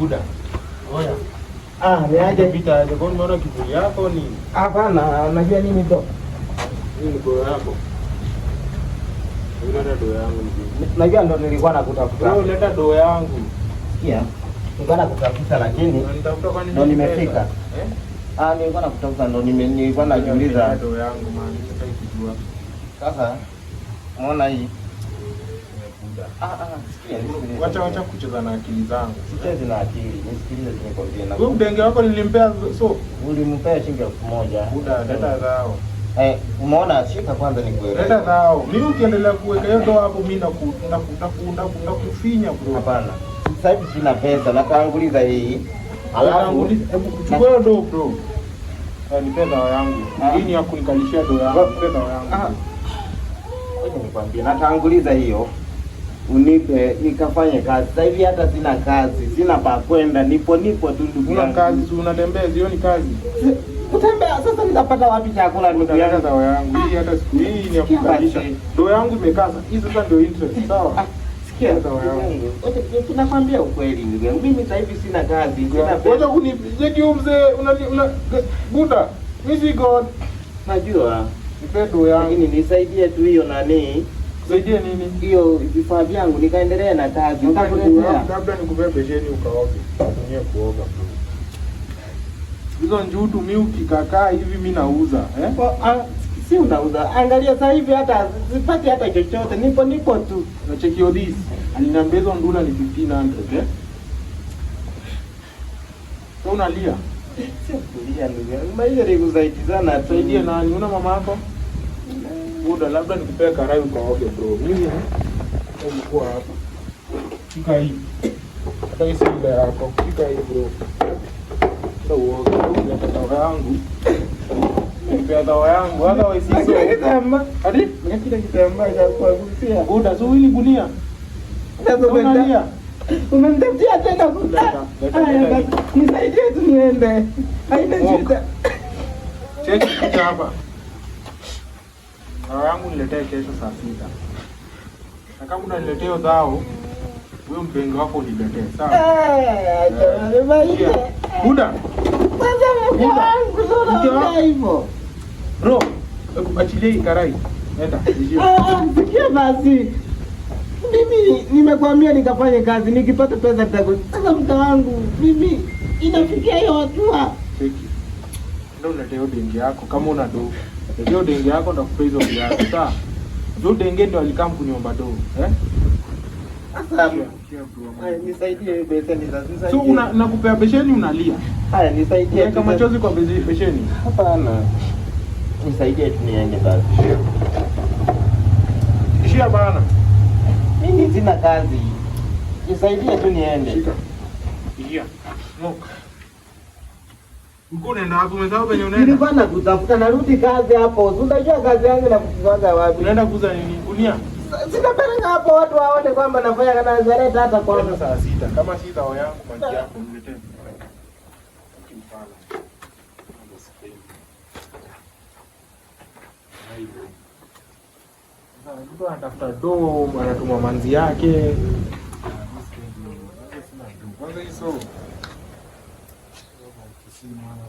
buda. Oya. Ah, reaje? pita aje kwa unaona kivuli yako ni? Hapana, unajua nini bro? Hii ni kwa yako. Unaleta doo yangu ndio. Najua ndo nilikuwa nakutafuta. Wewe leta doo yangu. Yeah. Nilikuwa nakutafuta lakini ndo nimefika. Eh? Ah, nilikuwa nakutafuta ndo nime nilikuwa najiuliza doo yangu maana sasa ikijua. Sasa unaona hii muda. Ah, ah. Wacha wacha kucheza na akili zangu. Sichezi na akili, nisikilize nikwambie. Na Wewe mdenge wako nilimpea so ulimpea shilingi elfu moja. Buda data hmm. zao. Eh, umeona shika kwanza ni kuelewa. Data zao. Mimi ukiendelea kuweka hiyo ndo hapo mimi nakunda kunda kunda kufinya bro. Hapana. Sasa hivi sina pesa, na kaanguliza hii. Alafu chukua ndo bro. Eh, ni pesa yangu. Ah. Hii ni ya kunikalishia ndo yangu, pesa yangu. Ah. Ngoja nikwambie, natanguliza hiyo unipe nikafanye kazi. Sasa hivi hata sina kazi, sina pa kwenda, nipo nipo tu. Ndugu Una kazi tu, unatembea, sioni kazi kutembea. Sasa nitapata wapi chakula? Ndugu yangu, dawa yangu hii, hata siku hii ni ya kukalisha dawa yangu imekaza hii. Sasa ndio interest, ah, sawa? Ah, sikia dawa yangu, tunakwambia ukweli ndugu yangu, mimi sasa hivi sina kazi. Ngoja kunijeki huyu mzee, una una buda mimi, si god najua nipendo yangu, lakini nisaidie tu hiyo nani Saidie nini? Hiyo vifaa vyangu nikaendelea na kazi. Labda nikubebesheni ukaoge. Utumie kuoga. Hizo njutu mimi ukikakaa hivi mimi nauza, eh? Ah, si unauza. Angalia sasa hivi hata sipati hata chochote. Nipo nipo tu. Na chekio this. Aliniambia hizo ndula ni 1500, eh? unalia. Sio kulia ndugu. Mimi ile nikusaidizana. Saidie nani? Una mama yako? Buda, labda nikupea karai ukaoge bro. Mimi nilikuwa hapa. Pika hii. Hata hii sile yako. Pika hii bro. Sasa uoge. Unaleta dawa yangu. Nipea dawa yangu. Hata waisisi. Hadi? Nikita kitambaa cha kuagusia. Buda, so hili gunia. Ndio Umemtafutia tena kuta. Haya basi. Nisaidie tu niende. Haina shida. Cheki hapa. Zao yangu niletee kesho saa sita, na kama unaniletea zao huyo mpenzi wako uniletee, sawa? Eh, Buda, kwanza wangu ndio hivyo. bro, achilie ikarai, enda ah, ah, sikia basi. Mimi nimekwambia nikafanye kazi, nikipata pesa nitakuja. Sasa mke wangu mimi inafikia hiyo hatua, Cheki. ndio unaletea benki yako kama una do ndio denge yako ndakupa hizo bila sawa. Zuu denge ndio alikaa mkunyomba do. Eh? Sasa eh, nisaidie beseni sasa. Sio una nakupea besheni unalia. Haya nisaidie. Weka machozi kwa besheni. Hapana. Nisaidie tu niende basi. Shia bana. Mimi sina kazi. Nisaidie tu niende. Shika. Unaenda wapi Nilikuwa nakutafuta narudi kazi hapo. Unajua kazi yangu na kuanza wapi? Unaenda kuuza nini? Gunia. Sina hapo watu waone kwamba nafanya kana zaleta hata kwa saa sita. Kama sita wao yangu kwa yako niletee. Mtu anatafuta do, anatuma manzi yake. Sim, mano,